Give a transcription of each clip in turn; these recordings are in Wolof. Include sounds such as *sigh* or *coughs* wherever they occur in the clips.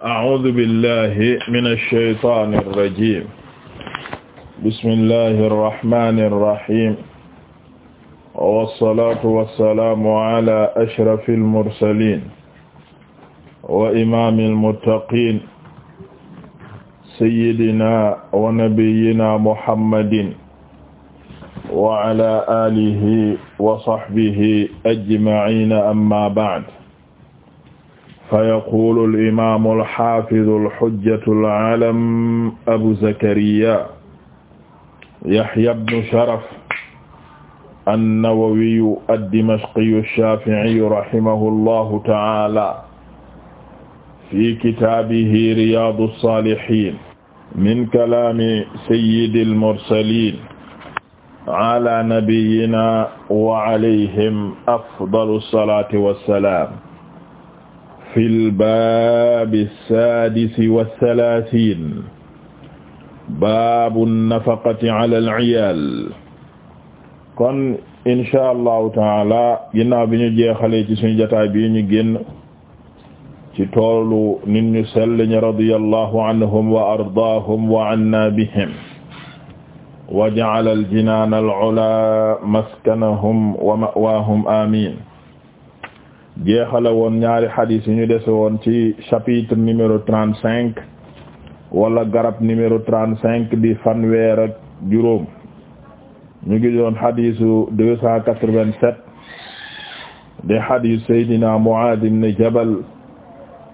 a'uuzu billahi mina shaytaani rajiim bismillahi rahmaani rahiim wassalaatu wassalaamu ala ashrafil mursaliin wa imaamil muttaqiin sayyidinaa wa nabiyyinaa muhammadin wa ala aalihi wa sahbihi ajma'iina amma ba'd فيقول الإمام الحافظ الحجة العالم أبو زكريا يحيى بن شرف النووي الدمشقي الشافعي رحمه الله تعالى في كتابه رياض الصالحين من كلام سيد المرسلين على نبينا وعليهم أفضل الصلاة والسلام fi lbaabi sadisi wathalaathiin baabu nafaqati ala alciyaal kon inshaa allahu taala ginnaaw bi ñu jeexalee ci suñu jataay bii ñu génn ci toolu nit ñu sell ñi radia allahu anhum wa ardaahum wa anna bihim wa jacala aljinaana alculaa maskanahum wa mawaahum amin jeexale woon ñaari xadis yi ñu dese woon ci chapitre numéro trente cinq wala garab numéro trente cinq di fanweer ak juróom ñu ngi doon xadisu deux cent quatre vingt sept di xadis Seydina Muaad ibn Jabal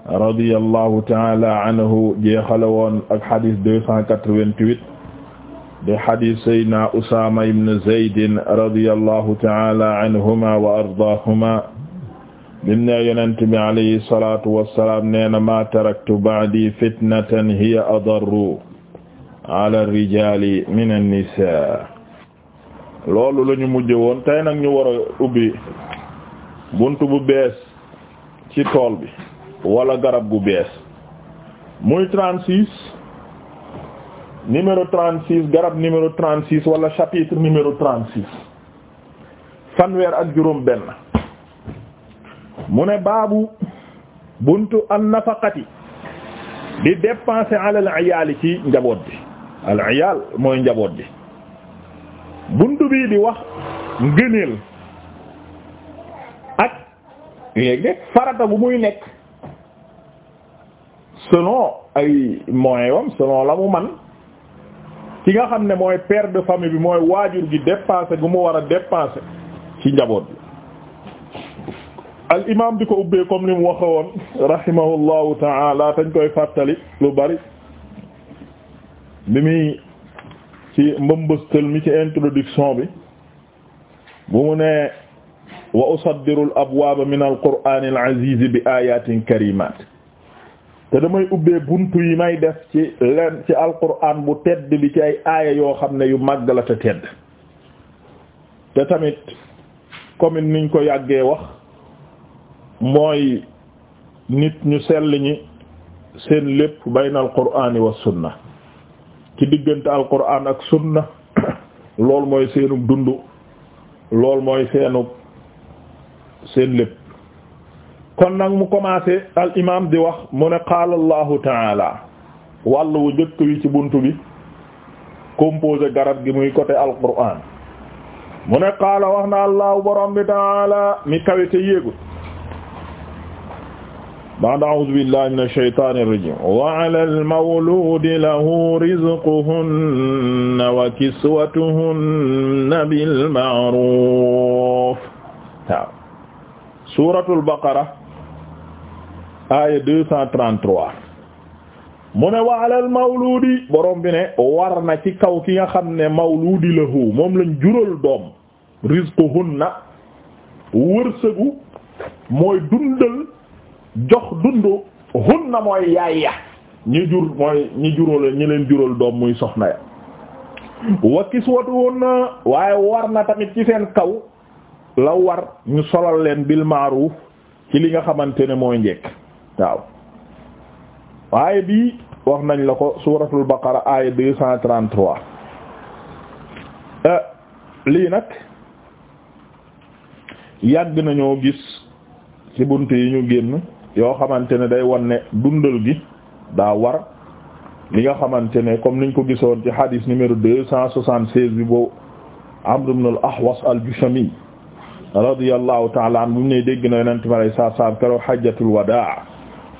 radiyallahu taala anhu jeexale woon ak xadis deux cent quatre vingt huit di xadis Seydina Usaama ibn Zaydin radiyallahu taala anhuma wa ardaahuma bim ne yonent bi nee na ma taraktu ba'di fitnatan hiya adarru ala rijaali min an-nisaa loolu la ñu mujj woon tey nag ñu war ubi ubbi bunt bu bees ci tool bi wala garab gu bees muy trente-six numéro garab numéro trente-six wala chapitre numéro trente-six fanweer ak juróom benn mu ne baabu buntu an nafaqati di dépenser alal iyaali ci njaboot bi al iyaal mooy njaboot bi buntu bii di wax ngëneel ak léegi farata bu muy nekk selon ay moyen wam selon la mu man ki nga xam ne mooy père de famille bi mooy waajur gi dépenser gu mu war a dépenser ci njaboot bi al imaam di ko ubbee comme ni mu waxe woon rahimahullahu taala tañ koy fàttali lu bari bi muy ci mbëmbëstal mi ci introduction bi bu mu ne wa usaddiru al min al qur'aan al aziz bi ayatin karimaat te damay ubbee buntu yi may def ci leen ci al qur'aan bu tedd bi ci ay aaya yoo xam ne yu màgg la te tedd te tamit comme niñ ko yàggee wax mooy nit ñu sell ñi seen lépp bayna alqur'ani wa sunna ci diggante alqur'an ak sunna *coughs* lool mooy seenub dund lool mooy seenub seen lépp kon nag mu commencé al imam di wax mu ne qaala allahu taala wàll wu njëkk wi ci bunt bi composé garab gi muy côté alqur'an mu ne qaala wax na allahu borom bi taala mi kawe yéegut ba'da a'uuzu billahi mina shaytaani rajiim wa 'alal mawluudi lahu rizquhunna wa kiswatuhunna bil ma'ruuf waaw suuratul baqara aaya 233 mu ne wa alal mawluudi borom bi ne war na ci kaw ki nga xam ne mawluudi lahu moom lañ jural doom rizquhunna wërsëgu mooy dundal jox dundu hunna mooy yaay ya ñi jur mooy ñi juróol ñi leen juróol doom muy soxna ya wa kiswatuhunna waaye war na tamit ci seen kaw la war ñu solal leen bil ma'ruf ci li nga xamante ne mooy njekk waaw waaye bii wax nañ la ko suuratul baqara aaya eh, lii nag yàgg nañoo gis ci bunt yi ñu génn yoo xamante ne day won ne dundal gi daa war li nga xamante ne comme niñ ko gisoon ci hadis numéro deux cent soixante seize bi boo Amr ibn al-Ahwas al-Jushami radiyallahu ta'ala an bu mu ne dégg na yonente mi alay saatu salam keroog hajjatul wadaa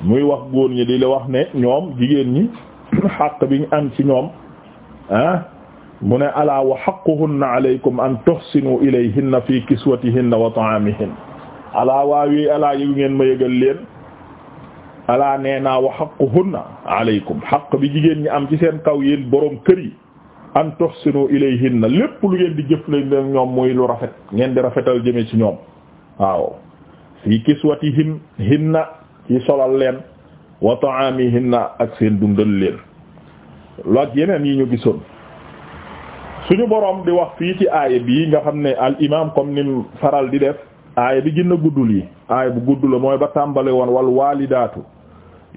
muy wax góor ñi di la wax ne ñoom jigéen ñi xaq bi ñu am ci ñoom ah mu ne alaa wa haqquhunna alaykum an tuhsinu ilayhinna fi kiswatihinna wa ta'amihinna alaa waawi alaa yëgu ngeen ma yëgal leen alaa nee naa wa haqquhunna alaykum xaq bi jigéen ñi am ci seen kaw yéen boroom kër yi an tuhsinu ilayhinna lépp lu ngeen di jëflante ak ñoom muy lu rafet ngeen di rafetal jëme ci ñoom waaw fi kiswatihin hinna yi solal leen wa ta'amihinna ak seen dundal leen loog yeneen yi ñu gisoon suñu boroom di wax fii ci aaya bii nga xam ne al imam comme nim faral di def aaya bi gën a guddul yi aaya bu gudd la mooy ba tàmbali woon wal waalidaatu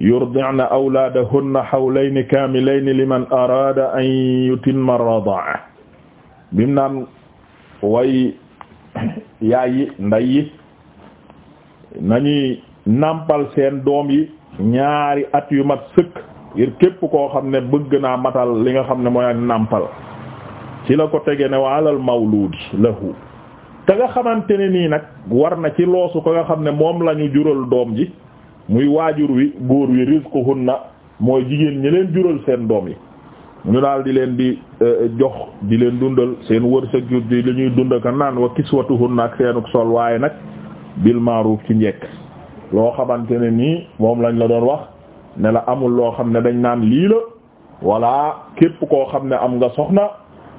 yurdi'na awlaadahunna hawlayni kaamilayni liman araada an yutimma ar-radaa'a bim naan way yaay yi nday yi nañuy nàmpal seen doom yi ñaari at yu mat sëkk ngir képp koo xam ne bëgg naa matal li nga xam ne mooy ak nàmpal ci la ko tege ne wa alal mawluudi lahu te nga xamante ne nii nag war na ci loosu ko nga xam ne moom lañu jural doom ji muy waajur wi góor wi na mooy jigéen ñi leen jural seen doom yi ñu daal di leen di e, jox di leen dundal seen wërsëg di li ñuy dund ak naan wa kiswatuhunna ak seenuk sol waaye nag bil ma'ruf ci njekk loo xamante ne nii moom lañ la doon wax ne amul loo xam ne dañ naan lii la walla képp koo xam ne am nga soxna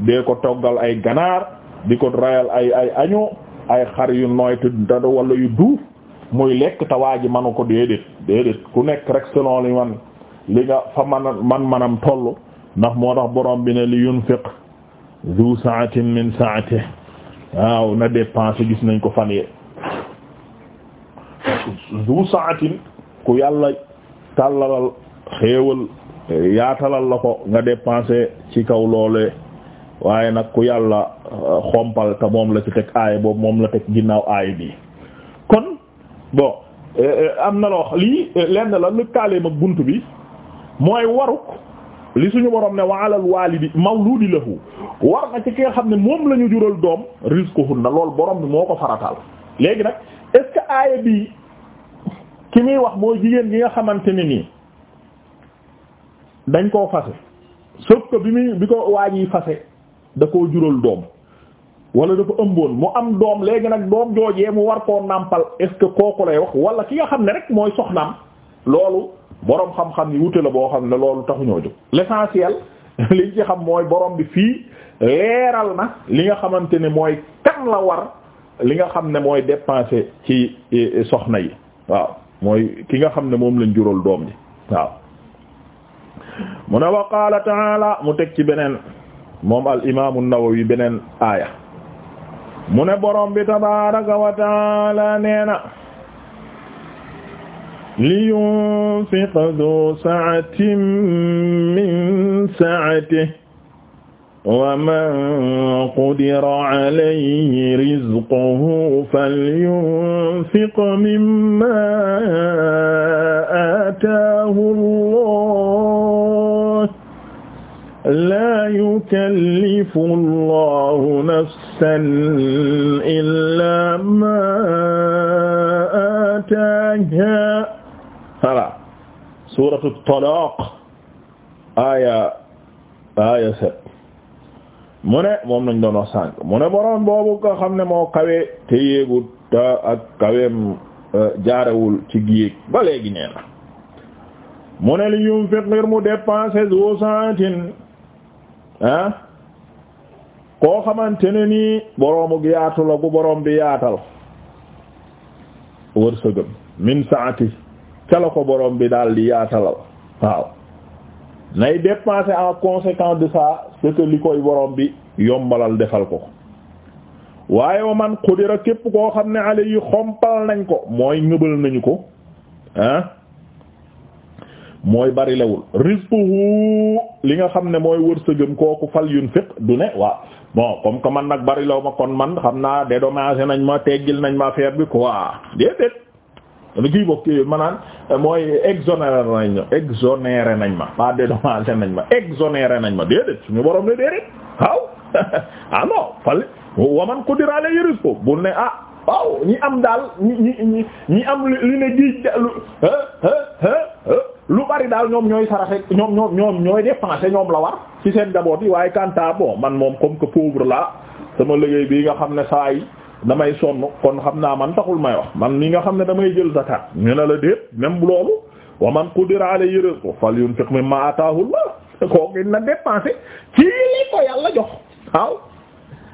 dee ko toggal ay ganaar di ko rayal ay ay año ay xar yu nooy te wala yu duuf muy lekk te waa ji manu ko déedéet déedéet ku nekk rek selon li man li nga fa man man manam toll ndax moo tax borom bi ne li yunfiq zu sa'atin min sa'atihi waaw na dépenser gis nañ ko fan yee zu sa'atin ku yàlla tàllalal xéewal yaatalal la ko nga dépenser ci kaw loolee waaye nag ku yàlla xompal te moom la ci teg boobu moom la teg ginnaaw aaya bii bon euh, euh, am na loo lii euh, lenn la lëkkaaleem ak bunt bi mooy waruk li suñu borom ne wa alal waalidi mawludi lahu war na ci ki nga xam ne moom lañu jural doom rizquhunna loolu borom bi moo ko farataal léegi nag est-ce que bi ki muy wax mooy jigéen gi nga xamante ne nii dañ koo fase sauf que bi muy bi ko waaj yi fase da koo jural doom wala dafa ëmboon mu am doom léegi nag doom joojee mu war koo nàmpal est-ce que kooku lay wax wala ki nga xam ne rek mooy soxnaam loolu boroom xam-xam yi wute la boo xam ne loolu taxuñoo jóg l'essentiel *laughs* liñ ci xam mooy borom bi fii leeral na li nga xamante ne mooy kan la war li nga xam ne mooy dépenser ci e, e, soxna yi waaw mooy ki nga xam ne moom lañ juróol doom ji waaw mu ne wa qaala taala mu teg ci beneen moom al imaamu Nawawi beneen aaya mu ne borom bi tabaaraka wa taala nee na li yunfiq du sa'atin min sa'atihi wa man qudira alayhi rizquhu falyunfiq mimma ataahu Allah laa yukallifu allahu nafsan illaa maa aataaha voilà suratu talaaq aaya aaya set mu ne moom nañ doon wax sànq mu boobu nga xam ne moo kawe te yéegul te ak kaweem euh, jaarewul ci géej ba léegi nee li yunfiq ngir mu dépenser zu ah koo xamante ne nii boroomu yaatu la ku boroom bi yaatal wërsëgëm min saati ca la ko boroom bi daal di yaatalal waaw nay dépenser en conséquence de ça ce li koy boroom bi yombalal defal ko waaye wa man qudira képp koo xam ne ale yi xompal nañ ko mooy ngëbal nañu ko ah mooy bari lewul rizquhu li nga xam ne mooy wërsëgëm kooku fal yunfiq du ne waaw bon comme que man nag bari ma kon man xam naa dédommagé nañ ma teggil nañ ma affaire bi quoi déedéet lu kii bokk maanaam mooy exonéré nañ ma exonéré nañ ma pas dédommagé nañ ma exonéré nañ ma déedéet suñu borom ne déedéet waaw *laughs* ah non fal waman qudira bul ne ah waaw ñi am daal ñi ñi ñi am li ne géej lu lu bari daal ñoom ñooy saraxe ñoom ñoom ñoom ñooy dépenser ñoom la war ci seen jaboot yi waaye kanta bon man moom comme que pauvre la sama liggéey bii nga xam ne saa yi damay sonn kon xam naa man taxul may wax man li nga xam ne damay jël zakat ñu ne la déet même loolu wa man qudira alayhi rizquhu falyunfiq mimma ataahu Allah kooku na dépenser ci li yàlla jox waaw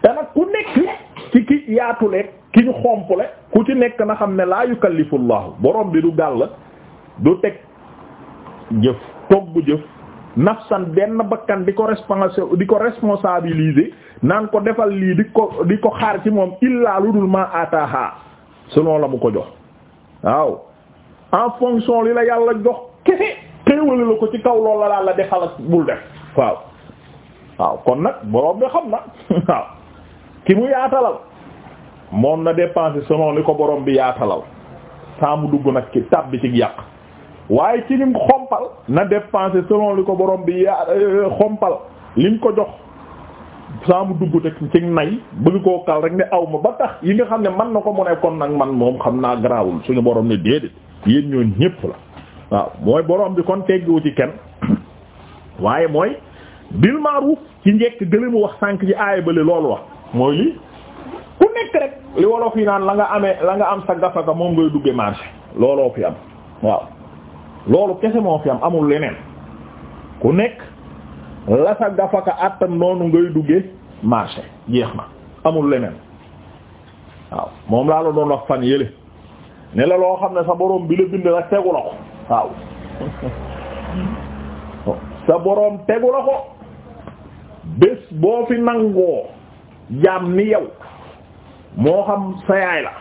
te nag ku nekk ci ki yaatuleeg ki ñu xompule ku ci nekk na xam ne laa yukallifu boroom borom bi du gàll du teg jëf toog bu jëf nafsan benn bakkan di ko responsa di ko responsabiliser naan ko defal lii di ko di ko xaar ci moom illaa lu dul ma ataaha selon la mu ko jox waaw en fonction li la yàlla jox kese xéewale la ko ci kaw loolu la la defal ak bul def waaw waaw kon nag borom bi xam na *laughs* waaw ki mu yaatalal moom na dépenser selon li ko boroom bi yaatalal saa mu dugg nag ci tab ci yàq waaye ci lim xompal na dépenser selon li ko boroom bi ya euh, xompal lim ko jox saa mu dugg te ci nay bëgg koo kal rek ne aw ma ba tax yi nga xam ne man na ko mu ne kon nag man moom xam naa garaawul suñu boroom ne déedéet yéen ñoon ñépp la waaw mooy borom bi kon teggiwu ci kenn *coughs* waaye mooy bil ma'ruf ci njekk mu wax sànk ci aaya bale loolu wax mooy lii ku nekk rek li wolof yi naan la nga amee la nga am sa gafaka moom ngay dugge marché looloo fi am waaw loolu kese moo fi am amul leneen ku nekk la sa gafaka àttan noonu ngay dugge marché jeex na amul leneen waaw moom laa la doon wax fan yële ne loo xam ne sa borom bi la bind nag tegu la ko waaw *laughs* sa borom tegu la ko bés boo fi nangoo jaam ni yow moo xam sa yaay la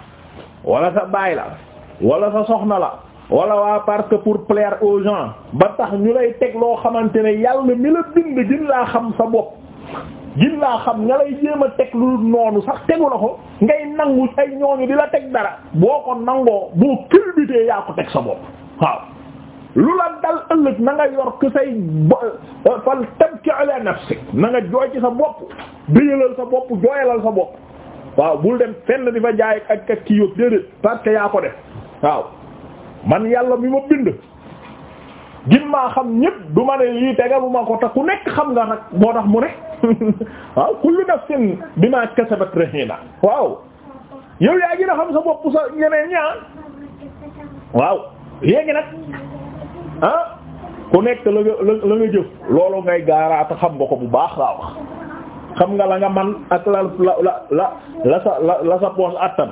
walla sa baay la wala sa soxna la wala waa parce que pour plaire aux gens ba tax ñu lay teg loo xamante ne yàlla mi la bind gën laa xam sa bopp gin laa xam nga lay jéem a teg lu noonu sax tegu la ko ngay nangu ay ñooñu di la teg dara boo ko nangoo boo culbutee yaa ko teg sa bopp waaw lu la dal ëllëg na nga yor ku say euh, fal tabki ala nafsik na nga jooy ci sa bopp déyalal sa bopp jooyalal sa bopp waaw bul dem fenn di fa jaay ak ak kii yóbbu déedéet parce yaa ko def waaw man yàlla mi ma bind gimmaa xam ñépp du ma ne lii tegalu ko te ku nekk xam nga nag moo tax mu ne *laughs* waaw kullu nafsin bimaa kasabat rahina waaw yow yaa gën a xam sa bopp sa ñeneen ñaa ah. waaw léegi nag ah ku nekk la nga la nga jëf loolu ngay gaaraata xam nga ko bu baax laa wax xam nga la nga man ak la la la la sa la la sa poos attan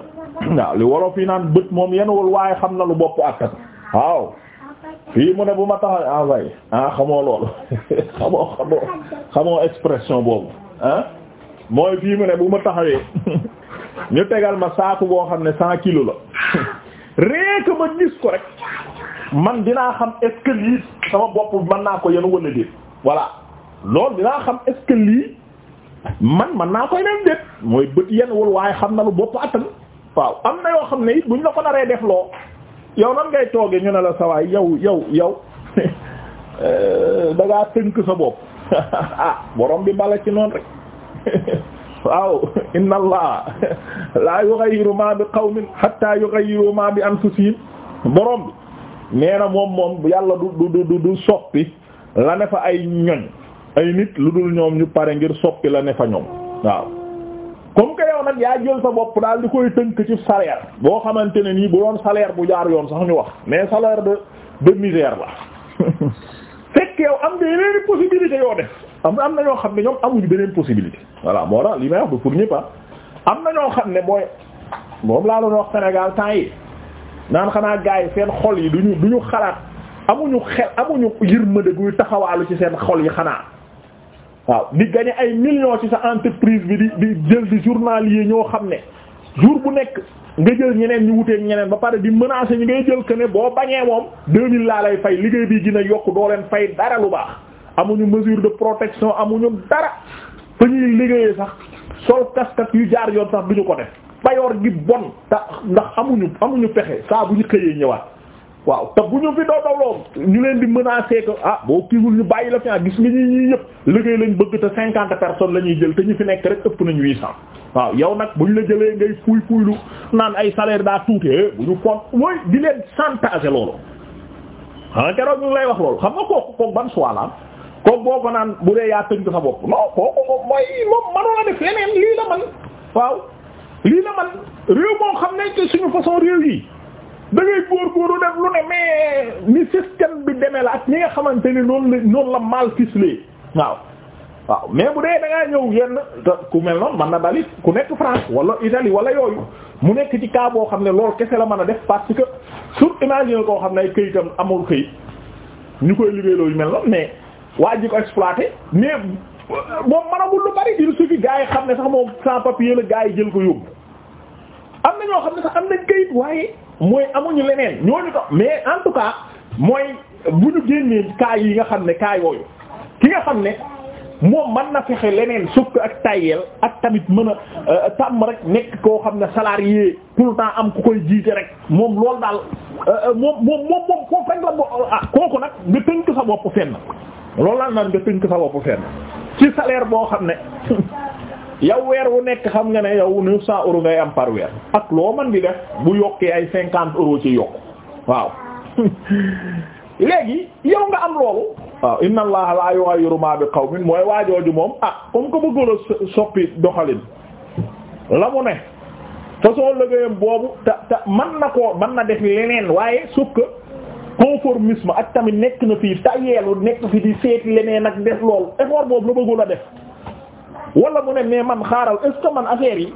waaw li wolof yi naan bët moom yenuwul waaye xam na lu bopp attan waaw fii mu ne bu ma taxaw envoyé ah, ah xamoo loolu *laughs* xamoo xamoo expression boobu ah mooy fii mu ne bu ma taxawee *laughs* ñu tegal ma saaku boo xam ne cent kilos la *laughs* rek ma gis ko rek man dinaa xam est-ce sama bopp mën naa ko yenu wala déet voilà loolu dinaa xam est-ce que man mën naa koy dem déet mooy bët yenuwul waaye xam na lu bopp attan waaw am na yoo xam ne it buñ la ko naree def loo yow nan ngay toogee ñu ne la sawaay yow yow yow *laughs* euh, da ngaa tënk sa bopp *laughs* ah borom bi bala ci noonu rek *laughs* waaw inna allah la yughayyiru ma bi qawmin hatta yughayyiru ma bi anfusihim boroom bi nee na moom moom yàlla du du du du soppi la ne fa ay ñoñ ay nit lu dul ñoom ñu pare ngir soppi la ne fa ñoom waaw comme que yow nag yaa jël sa bopp daal di koy tënk ci salaire boo xamante ne nii bu doon salaire bu jaar yoon sax ñu wax mais salaire de de misère la *laughs* fekk yow am nga yeneen possibilité yoo def am am na ñoo xam ne ñoom amuñu beneen possibilité voilà moo tax li may wax du pour ñëpp ah. am na ñoo xam ne mooy moom laa doon wax Sénégal temps naan xanaa gars yi seen xol yi du ñu duñu ñu xalaat amuñu xel amuñu yërmande guy taxawaalu ci seen xol yi xanaa waaw di gagner ay millions ci sa entreprise bi di di jël di journalier ñoo xam ne jour bu nekk nga jël ñeneen ñu wuteeg ñeneen ba pare di menacer ñi ngay jël que ne boo bañee moom 2000 laa lay fay liggéey bi gën a yokk doo leen fay dara lu baax amuñu mesure de protection amuñu dara fa ñuy liggéeyee sax sol kaskat yu jaar yoon sax duñu ko de payoor gi bon te ndax amuñu amuñu pexe saa bu ñu xëyee ñëwaat waaw te bu ñu fi doo dawloo ñu leen di mën menacer que ah boo kiiwul ñu bàyyi la fi ah gis nga ñi ñii yëpp liggéey lañ bëgg te cinquante personnes lañuy jël te ñu fi nekk rek ëpp nañ huit cent waaw yow nag bu ñu la jëlee ngay fuuy fuuylu naan ay salaire daa tuute eh, bu ñu foog mooy di leen chantage loolu ah keroog ñu ngi lay wax loolu xam nga kooku ko ban soit la boo ko naan bu dee yaa tënk sa bopp non kooku moom mooy lii la man réew moo xam ne te suñu façon réew yi da ngay góorgóorlu def lu ne mais ni système bi demee la ak ñi nga xamante ni noonu la noonu la mal ficelé waaw waaw bu dee da ngaa ñëw yenn ku mel noonu mën na dalit ku nekk France wala Italie wala yooyu mu nekk ci cas boo xam ne loolu kese la mën a def parce que sur imagine koo xam ne ay këyitam amul këyit ñu koy liggéey loolu mel noonu mais waa ji ko exploité mais moom managul lu bari il suffit gars yi xam ne sax moom sans papier la gars yi jël ko yóbbu am na ñoo xam ne sax am nañ kayit waaye mooy amuñu leneen ñooñu ko mais en tout cas mooy bu ñu génnee yi nga xam ne cas yooyu ki nga xam ne moom man na fexe leneen sukk ak tayel ak tamit mën a euh, tàmm rek nekk koo xam ne salarié tout le temps am ku koy jiite rek moom loolu daal euh, euh, moom moom moom moom foofu rek la bo ah, kooku nag nga tënk sa bopp fenn loolu daal naan nga tënk sa bopp fenn. ci salaire boo xam ne *laughs* yow weer wu nekk xam nga ne yow neuf cent euros ngay am par weer ak loo man di def bu yokkee ay cinquante euros ci yokk waaw *laughs* léegi yow nga am loolu waaw inna allaha la yughayyiru ma bi qawmin mooy waajooju moom ah comme que bëggoon a soppi doxalin la mu ne façon liggéeyam boobu te te man na koo man na def leneen waaye suuf conformisme ak tamit nekk na fii tayeelu nekk fii di seeti leneen ak def loolu effort boobu la bëggul a def wala mu ne mais man xaaral est-ce man affaire yi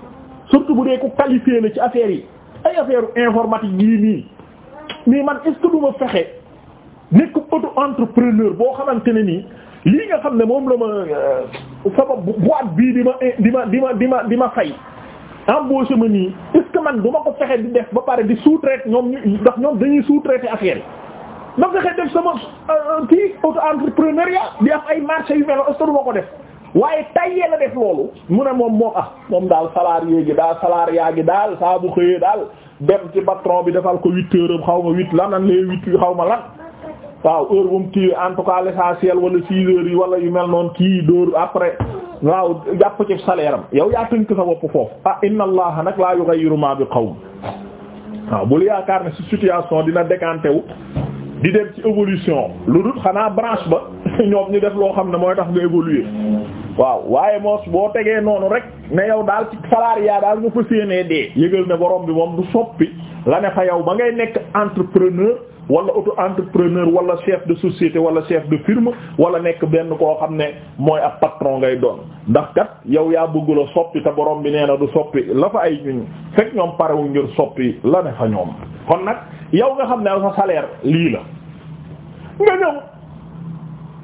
surtout bu dee ko qualifié la ci affaire yi ay affaire informatique yii nii mais man est-ce que du ma fexe nekk auto entrepreneur boo xamante ne nii lii nga xam ne moom la ma euh, sama boîte bii di ma di ma di ma di ma di ma fay embauché ma nii est man du ma ko fexe di def ba pare di sous-traiter ñoom ndax ñoom dañuy sous-traiter ma fexe def sama euh, kii auto entrepreneuriat di am ay marché yu mel est-ce ko def waaye tayyee la def loolu mu ne moom moom ah moom daal salarié gi daal salariat gi daal saa xëyee daal dem ci patron bi defal ko huit heures xaw ma huit lan nan les huit yu xaw ma lan waaw heure bu mu kii en tout cas l'essentiel wala six heures wala yu mel noonu kii dóor après waaw jàpp ci salaire am yow yaa tënk sa bopp foofu ah inna allaha nag laa yughayyiru ma bi qawm bul yaakaar ne si situation dina décanté wu di dem ci évolution lu dul xanaa branche ba *laughs* ñoom ñu def loo xam ne mooy tax nga évoluer waaw waaye moos boo tegee noonu rek ne yow daal ci salariat daal nga fa séenee dee yëgal ne boroom bi moom du soppi la ne fa yow ba ngay nekk entrepreneur wala auto entrepreneur wala chef de société wala chef de firme wala nekk benn koo xam ne mooy ab patron ngay doon ndax kat yow yaa bëggula soppi te borom bi nee na du soppi la fa ay ñun fekk ñoom parewuñ ngir soppi la fa ñoom kon nag yow nga xam ne sa salaire lii la nga ñëw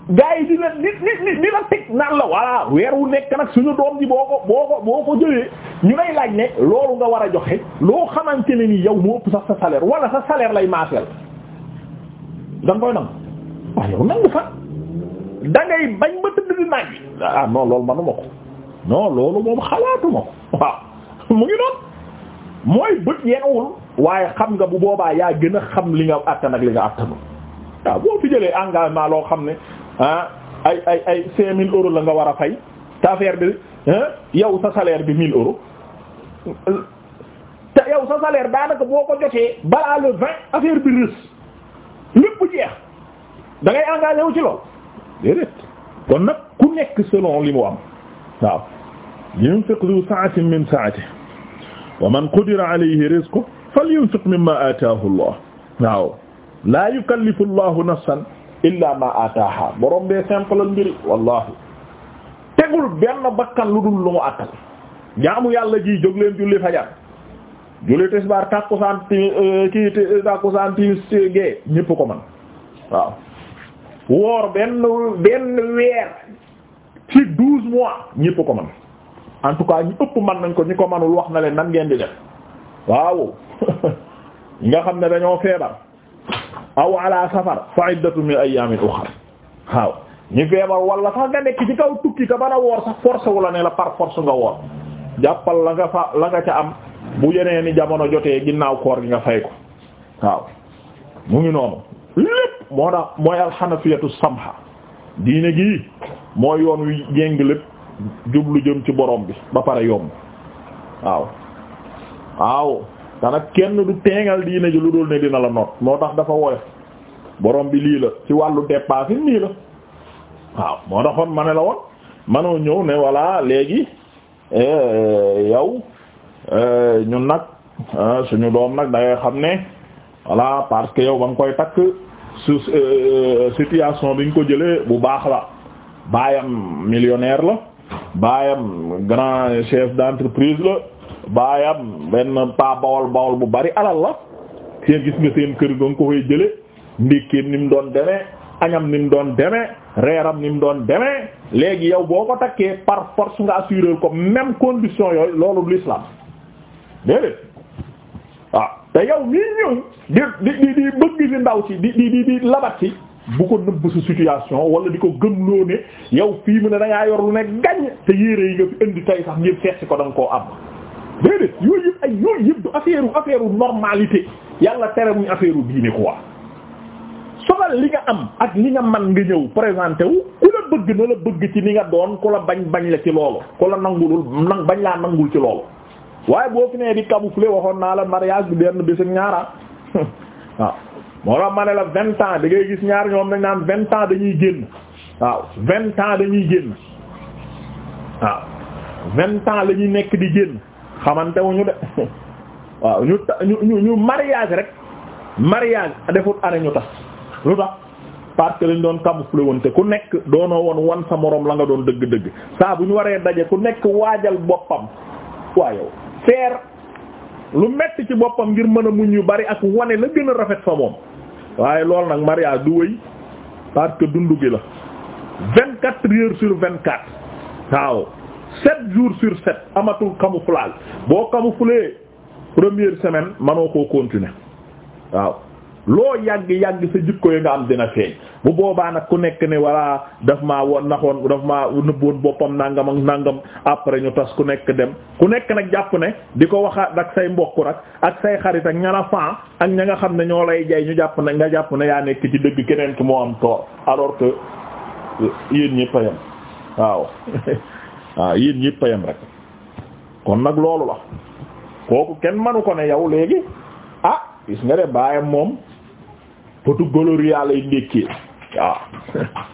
gars yi di la di di di la teg naan la voilà weer wu nekk nag suñu doom ji boo ko boo ko boo ko jëlee ñu lay laaj ne loolu nga war a joxe loo xamante ne ni yow moo ëpp sax sa salaire wala sa salaire lay maaseel da nga koy nangu waaw yow nangu fa da ngay bañ tëdd di naaj ah non loolu manuma ko non loolu moom xalaatuma ko mu ngi noonu. mooy bët yenuwul waaye xam nga bu boobaa yaa gën a xam li nga attan ak li nga attanu waaw boo fi jëlee engagement loo xam ne ah, ay ay ay cinq mille la nga war a fay ta affaire bi ah, yow sa salaire bi mille euros te yow sa salaire daanaka boo ko jotee balaa le vingt affaire bi rës lépp jeex da ngay ci lool déedéet kon nag ku nekk selon li mu am waaw yunfiq du sa'atin min sa'atihi wa man qudira alayhi rizquhu falyunfiq mimma ataahu Allah waaw laa yukallifu Allahu nafsan illa ma ataaha borom bee simple mbiri wallahi tegul benn bakkan lu lu mu attal jaamu yàlla ji jóg leen julli fajar julli tisbaar tàkkusaan ti eh, kii tàkkusaan ko man waaw woor benn weer ci douze mois ñépp ko man en tout ñu ëpp man nañ ko ñu ko manul wax na leen nan ngeen di def waaw nga xam ne dañoo feebar aw ala safar fa iddatu min ayyamin ukhra waaw ñu feebar wala sax nga nekk ci kaw tukki te ban a woor sax force la ne la par force nga woor jàppal la nga fa la nga ca am bu yeneen jamono jotee ginnaaw koor gi nga fay ko waaw mu ngi noonu lépp moo tax mooy alxanafiyatu samha diine gi mooy yoon wi jéng lépp jublu jëm ci borom bi ba pare yomb waaw waaw te kenn du teengal diine ji lu dul ne dina la noot moo tax dafa woyof borom bi lii la ci wàllu dépense yi nii la waaw moo taxoon ma ne la woon manoo ñëw ne voilà léegi eh, eh, yow eh, ñun nag ah, suñu doom nag da ngay xam ne voilà parce que yow ba nga koy takk su situation bi nga ko jëlee bu baax la baayam millionnaire la baayam grand chef d'entreprise la baayam benn pa bawol bawol bu bari alal la seen gis nga seen kër ga nga ko koy jële ndékkéem ni mu doon demee añam ni mu doon demee reeram ni mu doon demee léegi yow boo ko takkee par force nga assurer ko même condition yooyu loolu l'islam déedéet waaw ah, te yow mii ñëw di di di bëgg si ndaw si di di di di labat si bu ko nëbb sa situation wala di ko gëmloo ne yow fii mu ne da yor lu ne gañ te yére yi nga indi tay sax ngir fees ko da koo am. déedéet yooyu yëpp ay yooyu yëpp du affaire affaire normalité yàlla terewuñu affaire diine quoi soxal li nga am ak li nga man nga ñëw présenté wu ku la bëgg na la bëgg ci ni nga doon ku la bañ bañ la ci loolu ku la nangulul nang bañ laa nangul ci loolu waaye boo fi nee di camoufler waxoon naa la mariage bi benn bés ak ñaara *laughs* moo ma ne la vingt ans da ngay gis ñaar ñoom nañ naan vingt ans dañuy génn waaw vingt ans dañuy génn waaw vingt ans lañuy nekk di génn xamante wu ñu de *laughs* waaw ñu ta ñu ñu ñu mariage rek mariage defut année ñu tax lu tax parce que lañ doon camouflé woon te ku nekk doonoo woon won sa moroom la nga doon dëgg-dëgg saa bu ñu waree daje ku nekk waajal boppam waa yow feer lu metti ci boppam ngir mën a muñ yu bari ak wone la gën a rafet fa moom waaye loolu nag mariage du wëy parce que dundu gi la vingt quatre heures sur vingt quatre waaw sept jours sur sept amatul camouflage boo camouflé première semaine manoo koo continuer waaw loo yàgg yàgg sa jikko yi nga am dina feeñ bu boobaa nag ku nekk ni walla daf ma woon naxoon daf maa nëbboon boppam nangam ak nàngam après ñu tas ku nekk dem ku nekk nag jàpp ne di ko wax ak say mbokk rek ak say xarit ak ñana fan ak ña nga xam ne ñoo lay jay ñu jàpp ne nga jàpp ne yaa nekk ci dëgg keneen ki moo am tort alors que euh, yéen ñëpp a waaw *laughs* waaw yéen ñëpp a rek kon nag loolu la kooku kenn manu ko ne yow léegi ah gis nga de baayam moom potu goloria lay ndékkee waaw ah.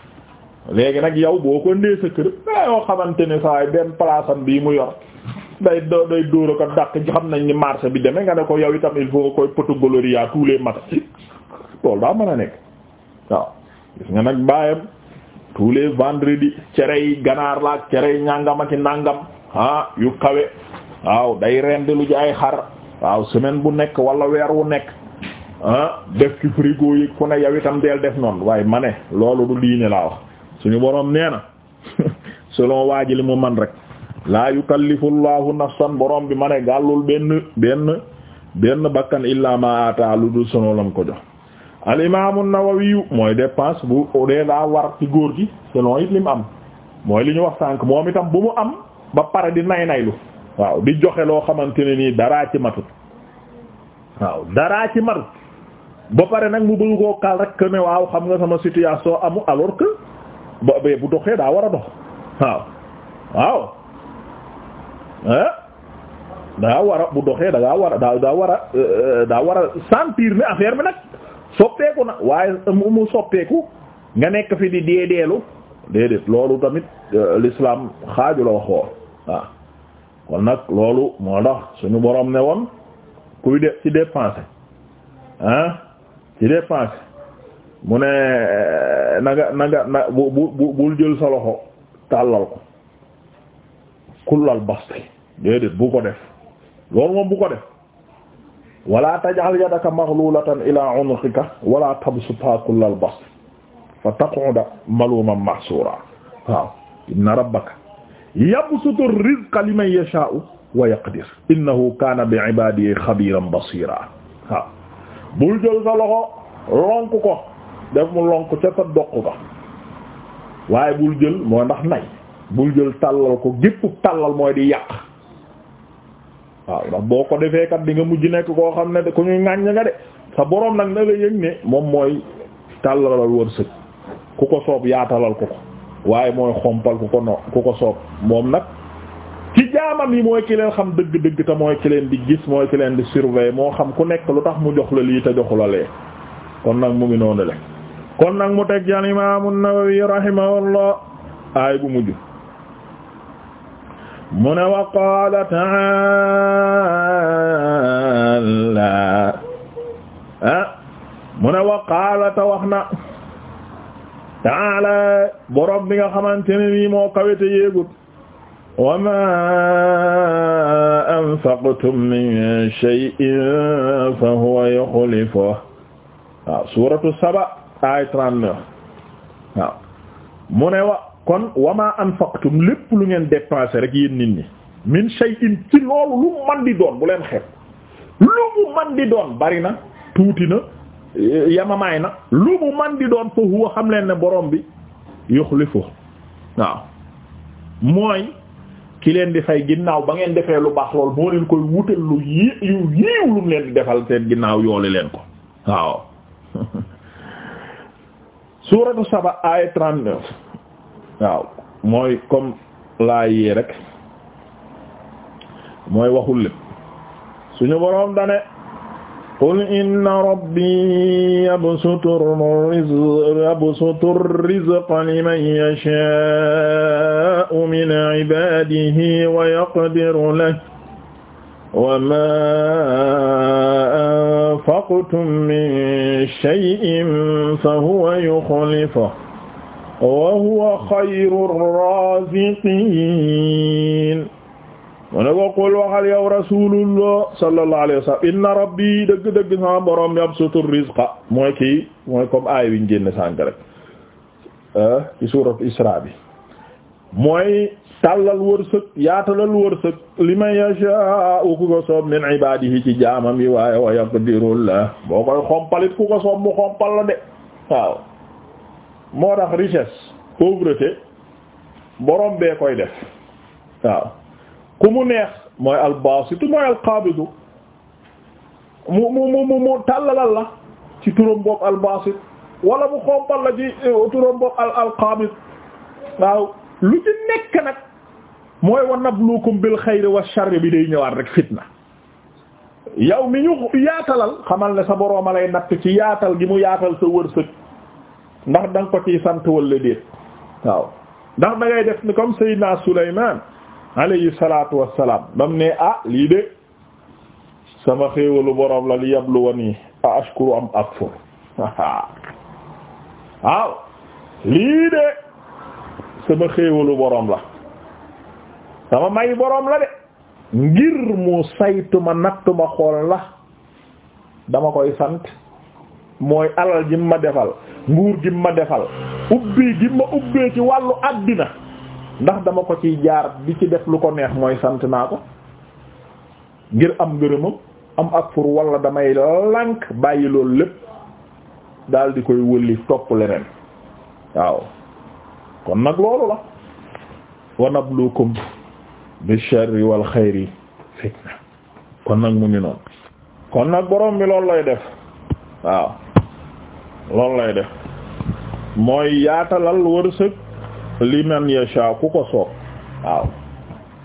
léegi nag yow boo ko ndee kër daa ah, xamante ne saa benn place bii mu yor day doo day dóor ko dàq xam nañ ni marché bi demee nga ne ko yow itam il faut nga koy poto goloria tous les matins daa mën a nekk waaw gis nga nag bàyyam tous cere yi ganaar la cere yi ñàngama ci nàngam ah, yu kawe waaw day rendi lu ci ay xar waaw semaine bu nekk wala weer wu nekk ah def ci frigo yi ku ne yow itam deel def noonu waaye mane ne loolu du diine laa wax suñu boroom nee na *laughs* selon waa ji li mu man rek laa yukallifu llahu nafsan boroom bi ma ne gàllul benn benn benn bakkan illaa ma ata lu dul selon lam ko jox al imaamu Nawawi mooy dépense bu dee daa war ci góor gi selon it li mu am mooy li ñu wax sànk moom itam bu mu am ba pare di nay naylu waaw di joxe loo xamante ne nii daraa ci matut waaw daraa ci matut ba pare nag mu bëgg koo kaal rek ne waaw xam nga sama situation amu alors que ba bu doxee daa war a dox waaw waaw daa war a bu doxee dangaa war a daa daa war a euh, daa war a sentir ne affaire bi nag soppeeku na waaye mu soppeeku nga nekk fi di deedeelu déedéet loolu tamit euh, l'islam xaaju la waxoon waaw kon nag loolu moo tax suñu borom ne woon kuy def ci dépenser ah ci dépense mu ne eh, na nga na nga na bu bu bul jël sa loxo tàllal ko kullal basti déedéet bu ko def loolu moom bu ko def wala taj'al yadaka maghlulatan ila unuqika wala tabsutha kullal basti fa taq'uda maluman mahsura waaw inna rabbaka yabsutu rizqa liman yasha'u wa yaqdir innahu kana bi'ibadihi khabiran basira waaw bul jël sa loxo lonk ko def mu lonk ca sa doq ko waaye bul jël moo ndax nay bul jël tàllal ko gépp tàllal mooy di yàq waaw ndax boo ko defee kat di nga mujj nekk koo xam ne ku ñuy ŋàññ nga de sa boroom nag na la yëg ne moom mooy tàllalal wërsëg ku ko soob yaatalal ko ko waaye mooy xompal ko no ku ko soob moom nag jaamam yi mooy ki xam dëgg-dëgg te mooy ki di gis mooy ki di surveiller moo xam ku nekk lu tax mu jox la lii te joxu la lee kon nag mu ngi noonu le kon nag mu teg jan imaamu Nawawi rahimahullah aay bu mujj mu ne wa qaala ta'ala ah mu ne wa ta wax na ta'ala borom bi nga xamante ne nii moo kawete yéegut wa mu ne wa kon wa maa anfaqtum lépp lu ngeen dépensé rek yéen ni ñi min shay'in ci loolu lu man di doon bu leen xeeb lu mu man di doon bari na tuuti na yamamaay na lu mu man di doon fa huwa xam leen ne borom bi yukhlifuhu waaw mooy. ki leen di fay ginnaaw ba ngeen defee lu baax lool moo leen koy wutal lu yi yu yiiw lu leen di defal seen ginnaaw yoole leen ko waaw *laughs* suuratu saba aaya trente-neuf waaw mooy comme laa yii rek mooy waxul lépp suñu boroom dane qul inna rabbi yabsutu rizqa liman yasha yasha'u min ibadihi wa yaqdiru lahu wa ma anfaqtum min shay'in fa huwa yukhlifuhu wa huwa khayru raaziqiin mu ne ko qul waxal yow rasulullah sallallahu alayhi wa sallam inna rabbi dëgg-dëgg sama borom yabsutu rizqa mooy kii mooy comme aay wiñ génn sànq rek ah, ci suuratu Isra bi mooy tàllal wërsëg yaatalal wërsëg li man yasha'u ku ko soob min waaye wa yaqdiru la boo koy xompalit ku ko soob mu xompal la de waaw moo tax richesse pauvreté borom bee koy def waaw ku mu neex mooy albasitu mooy alqabidu mu mu mu mu tàllalal la ci turam boobu albasit wala mu xompal la ci eh, turam boobu al alqabid waaw lu ci nekk nag mooy wa nabluukum bil xayri wa sharri bi day ñëwaat rek fitna yow mi ñu yaatalal xamal ne sa boroom a lay ci yaatal gi mu yaatal sa wërsëg ndax da nga ko ciy sant walla déet waaw ndax da ngay def ni comme Seydina Sulaymaan alayhi salaatu wassalaam bam ne ah lii de sama xéewalu boroom la li yabluwani a ashkuru am akfur *laughs* waaw lii de sama xéewalu boroom la sama may boroom la de ngir mu saytu ma nattu ma xool la dama koy sant mooy alal ji ma defal nguur gi ma defal ubbi gi ma ubbee ci wàllu àddina ndax dama ko ciy jaar di ci def lu ko neex mooy sant naa ko ngir am ngërëmam am ak fur wala damay lànk bàyyi loolu lépp daal di koy wëlli topp leneen waaw kon nag loolu la wa nabluukum bi sharri wal xayri fitna kon nag mu ngi kon nag borom bi loolu lay def waaw loolu lay def mooy yaatalal wërsëg li man yasha ku ko soob waaw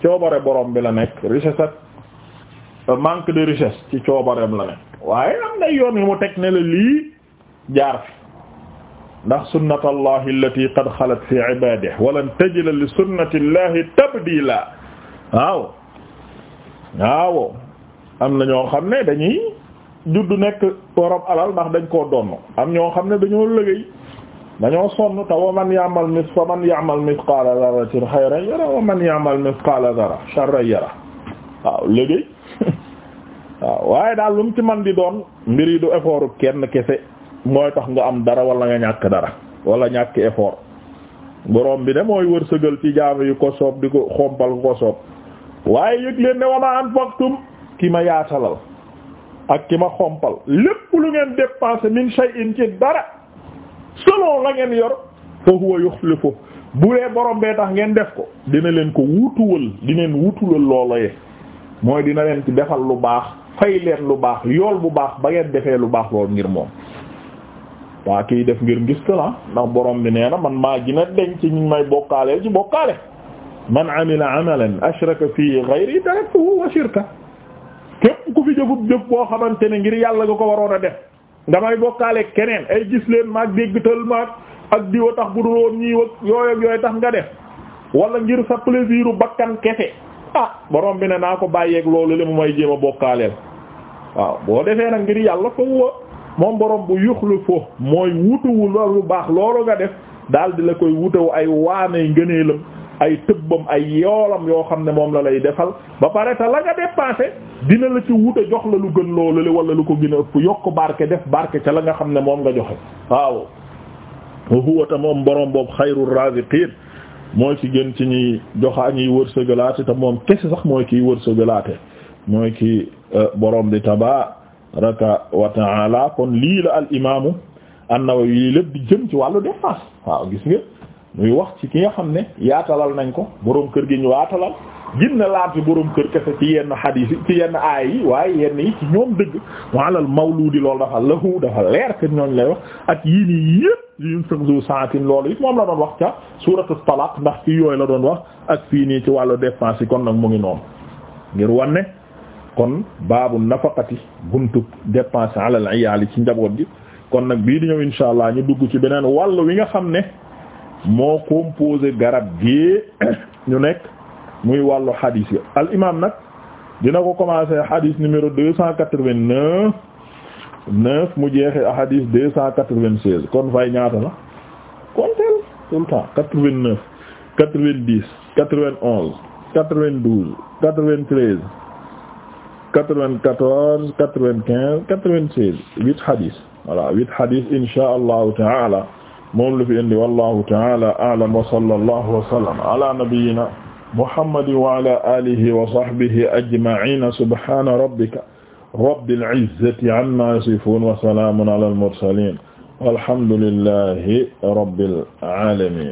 coobare borom bi la nekk richesse ak manque de richesse ci coobareem la nekk waaye am na yoon yi mu teg ne la lii jaar ndax sunnatallahi allati qad xalat fi ibadihi walan tajida li sunnatillahi tabdila waaw waaw am na ñoo xam ne dañuy judd nekk borom alal ndax dañ koo donn am ñoo xam ne dañoo liggéey dañoo sonn te man ya'mal mis fa man ya'mal misqaala yara wa man ya'mal misqaala dharra sharran yara waaw liggéey *laughs* waaw waaye daal lu mu ci man di doon mbir yi du effort kenn kese mooy tax nga am dara walla nga ñàkk dara wala ñàkk effort borom bi ne mooy wër wërsëgal ci jaamu yi ko soob di ko xompal ko soob waaye yëg leen ne wama anfaqtum ki ma yaatalal ak ki ma xompal lépp lu ngeen dépensé min shay'in ci dara selon la ngeen yor fa huwa yukhlifu bu dee borom bee tax ngeen def ko dina leen ko wutuwal dina leen wutulal looloye mooy dina leen ci defal lu baax fay leen lu baax yool bu baax ba ngeen defee lu baax lool ngir moom waa kiy def ngir ngis tala ndax borom bi nee na man maa gina denc ñu may bokkaaleel ci bokkaale man amila amalan ashraka fii ghayri taraktuhu wa shirka képp ku fi jëfub jëf boo xamante ne ngir yàlla nga ko waroon a def nga may bokkaale keneen ay gis leen maag déggtal maag ak diwa tax bu dul woon ñii wag yooyu yooyu tax nga def wala ngir sa plaisir u bakkan kese ah borom bi ne naa ko bàyyeeg loolu li mu may jéem bokkaaleel waaw boo defee moom borom bu yuxlu fo mooy wutuwu la lu baax loolu nga def daal di la koy wutawu ay waanay ngëneelam ay tëbbam ay yoolam yoo xam ne moom la lay defal ba pare te la nga dépensé dina la ci wuta jox la lu gën loolu le lu ko gën a ëpp yokk barke def barke ca la nga xam ne moom nga joxe waaw wa huwa moom borom boobu xayrul raziqin mooy ci gën ci ñuy joxa ñuy wër wërsëgalaate te moom kese sax mooy kiy wërsëgalaate mooy ki euh, borom di taba raka wa taala kon lii la al imaamu an-Nawawi lii lépp di jëm ci wàllu dépense waaw gis nga muy wax ci ki nga xam ne yaatalal nañ ko boroom kër gi ñu waatalal ginna laatu boroom kër kese ci yenn xadiis yi ci yenn aay yi waaye yenn yi ci ñoom dëgg waalal mawluudi loolu dafa lahu dafa leer que ñooñ lay wax ak yii nii yëpp yun sëg zo saatin loolu it moom la doon wax ca suuratu talaq ndax ci yooyu la doon wax ak fii nii ci wàllu dépense yi kon nag mu ngi noonu ngir wanne kon baabu nafaqati buntu dépense alal iyaali ci njaboot gi kon nag bii di ñëw insha allah ñu dugg ci beneen wàll wi nga xam ne moo composé garab gi *coughs* ñu nekk muy wàllu hadith yi al imam nag dina ko commencé hadith numéro deux cent quatre-vingt-neuf neuf mu jeexe hadith deux cent quatre-vingt-seize kon fay ñaata la konteel tout le temps quatre-vingt-neuf quatre-vingt-douze quatre-vingt-treize 94 95 96 huit hadis voilà huit hadis insha allahu taala moom lu fi indi wallahu taala a'lam wa sallallahu wa sallam ala nabiyyina muhammadin wa ala alihi wa sahbihi ajma'in subhana rabbika rabbil izzati amma yasifun wa salamun ala al mursalin walhamdulillahi rabbil alamin